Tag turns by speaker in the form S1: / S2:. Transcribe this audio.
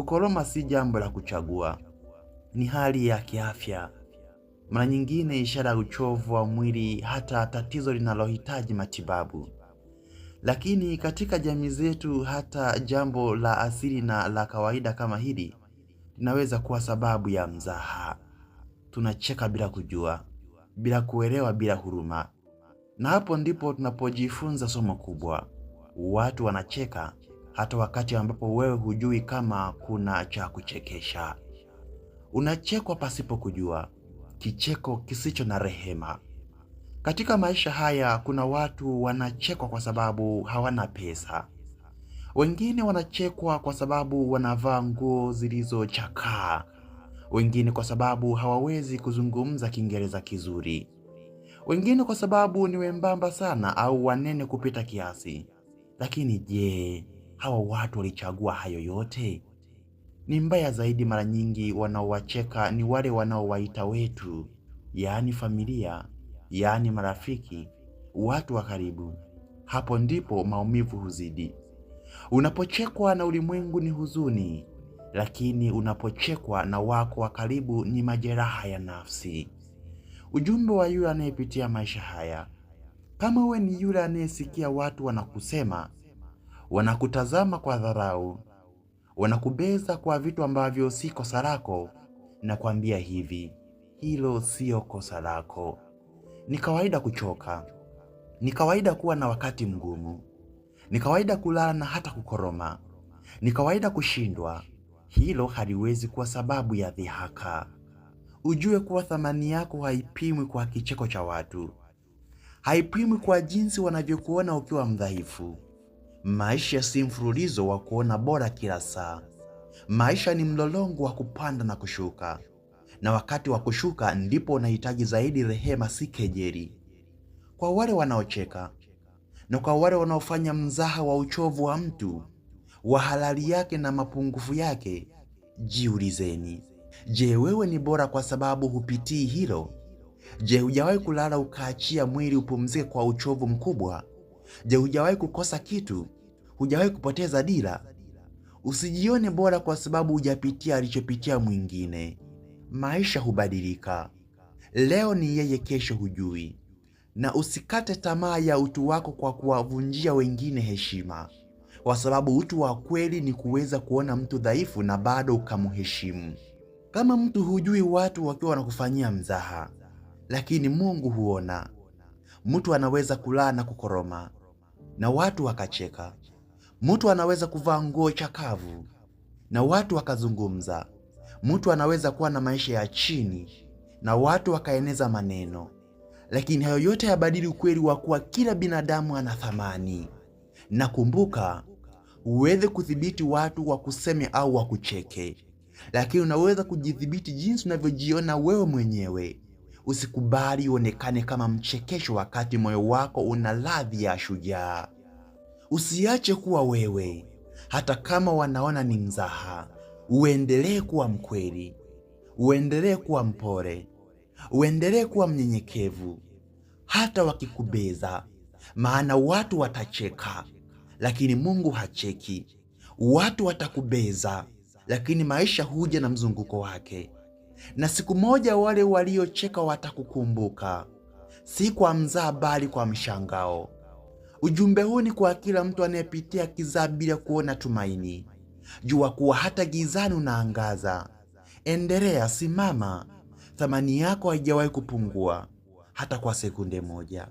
S1: Kukoroma si jambo la kuchagua, ni hali ya kiafya, mara nyingine ishara ya uchovu wa mwili, hata tatizo linalohitaji matibabu. Lakini katika jamii zetu, hata jambo la asili na la kawaida kama hili linaweza kuwa sababu ya mzaha. Tunacheka bila kujua, bila kuelewa, bila huruma, na hapo ndipo tunapojifunza somo kubwa. Watu wanacheka hata wakati ambapo wewe hujui kama kuna cha kuchekesha. Unachekwa pasipo kujua, kicheko kisicho na rehema. Katika maisha haya kuna watu wanachekwa kwa sababu hawana pesa, wengine wanachekwa kwa sababu wanavaa nguo zilizochakaa, wengine kwa sababu hawawezi kuzungumza Kiingereza kizuri, wengine kwa sababu ni wembamba sana au wanene kupita kiasi. Lakini je, hawa watu walichagua hayo yote? Ni mbaya zaidi, mara nyingi wanaowacheka ni wale wanaowaita wetu, yaani familia, yaani marafiki, watu wa karibu. Hapo ndipo maumivu huzidi. Unapochekwa na ulimwengu ni huzuni, lakini unapochekwa na wako wa karibu ni majeraha ya nafsi. Ujumbe wa yule anayepitia maisha haya, kama wewe ni yule anayesikia watu wanakusema wanakutazama kwa dharau, wanakubeza kwa vitu ambavyo si kosa lako, na kuambia hivi, hilo siyo kosa lako. Ni kawaida kuchoka, ni kawaida kuwa na wakati mgumu, ni kawaida kulala na hata kukoroma, ni kawaida kushindwa. Hilo haliwezi kuwa sababu ya dhihaka. Ujue kuwa thamani yako haipimwi kwa kicheko cha watu, haipimwi kwa jinsi wanavyokuona ukiwa mdhaifu. Maisha si mfululizo wa kuona bora kila saa. Maisha ni mlolongo wa kupanda na kushuka, na wakati wa kushuka ndipo unahitaji zaidi rehema, si kejeli. Kwa wale wanaocheka na kwa wale wanaofanya mzaha wa uchovu wa mtu, wa halali yake na mapungufu yake, jiulizeni: je, wewe ni bora kwa sababu hupitii hilo? Je, hujawahi kulala ukaachia mwili upumzike kwa uchovu mkubwa Je, hujawahi kukosa kitu? Hujawahi kupoteza dira? Usijione bora kwa sababu hujapitia alichopitia mwingine. Maisha hubadilika. Leo ni yeye, kesho hujui. Na usikate tamaa ya utu wako kwa kuwavunjia wengine heshima, kwa sababu utu wa kweli ni kuweza kuona mtu dhaifu na bado ukamheshimu. Kama mtu hujui watu wakiwa wanakufanyia mzaha, lakini Mungu huona. Mtu anaweza kulaa na kukoroma, na watu wakacheka. Mtu anaweza kuvaa nguo chakavu na watu wakazungumza. Mtu anaweza kuwa na maisha ya chini na watu wakaeneza maneno, lakini hayo yote hayabadili ukweli wa kuwa kila binadamu ana thamani. Na kumbuka, huwezi kudhibiti watu wa kuseme au wa kucheke, lakini unaweza kujidhibiti jinsi unavyojiona wewe mwenyewe. Usikubali uonekane kama mchekesho wakati moyo wako una ladhi ya shujaa. Usiache kuwa wewe, hata kama wanaona ni mzaha. Uendelee kuwa mkweli, uendelee kuwa mpole, uendelee kuwa mnyenyekevu, hata wakikubeza, maana watu watacheka, lakini Mungu hacheki. Watu watakubeza, lakini maisha huja na mzunguko wake na siku moja wale waliocheka watakukumbuka, si kwa mzaa bali kwa mshangao. Ujumbe huu ni kwa kila mtu anayepitia kizaa bila kuona tumaini. Jua kuwa hata gizani unaangaza. Endelea, simama. Thamani yako haijawahi kupungua hata kwa sekunde moja.